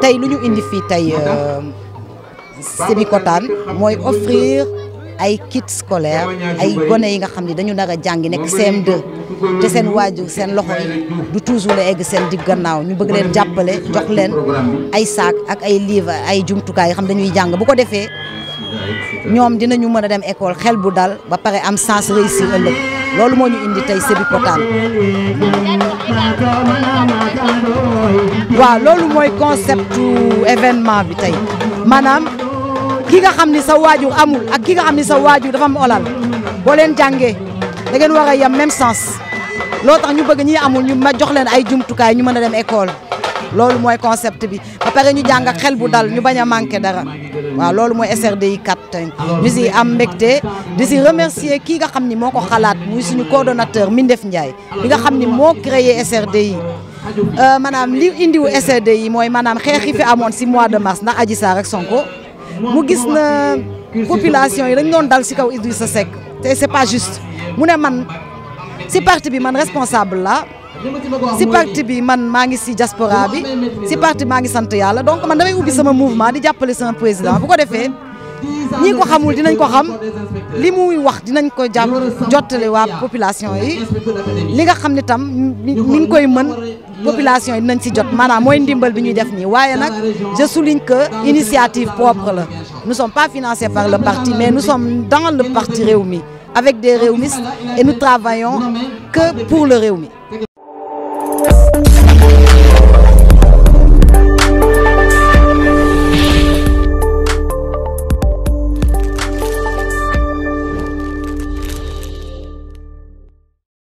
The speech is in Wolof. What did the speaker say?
tey lu ñu indi fii tey euh, Sébikotane mooy offrir ay kit scolaire ay gone yi nga xam ni dañu nar a jàngi nekk CM2 te seen waajur seen loxo yi du toujours la egg seen digg gannaaw ñu bëgg leen jàppale jox leen ay saak ak ay livre ay jumtukaay yoo xam dañuy jàng bu ko defee ñoom dinañu mën a dem école xel bu dal ba pare am sens réussir ëllëg loolu moo ñu indi tey Sébikotane waaw loolu mooy concept événement bi tey maanaam ki nga xam ni sa waajur amul ak ki nga xam ni sa waajur dafa am olal boo leen jàngee da ngeen war yem même sens loo tax ñu bëgg ñi amul ñu ma jox leen ay jumtukaay ñu mën a dem école loolu mooy concept bi ba pare ñu jàng xel bu dal ñu bañ a manqué dara waaw loolu mooy SRDI 4 tey ñu si am mbégte di si remercier kii nga xam ni moo ko xalaat muy suñu coordonnateur Mindef Ndiaye bi nga xam ni moo créé SRDI Euh, madame, li indiwu SED yi moy madame, fi mois de mars ndax Adji Sarr ak Sonko mu gis na population yi dañ doon dal ci kaw Idrissa Seck c'est pas juste mu man parti bi responsable la si parti bi man si diaspora bi parti ngi donc man damay sama mouvement di sama président bu le faire ñi ko xamul dinañ ko xam li muy wax dinañ ko jàpp jotale wa population yi li nga xamni ne tam ni ngi koy mën population yi dinañ ci jot manam moy ndimbal bi ñuy def ni waye nak je souligne que initiative propre la nous sommes pas financés par le parti mais nous sommes dans le parti Rewmi avec des Rewmistes et nous travaillons que pour le Rewmi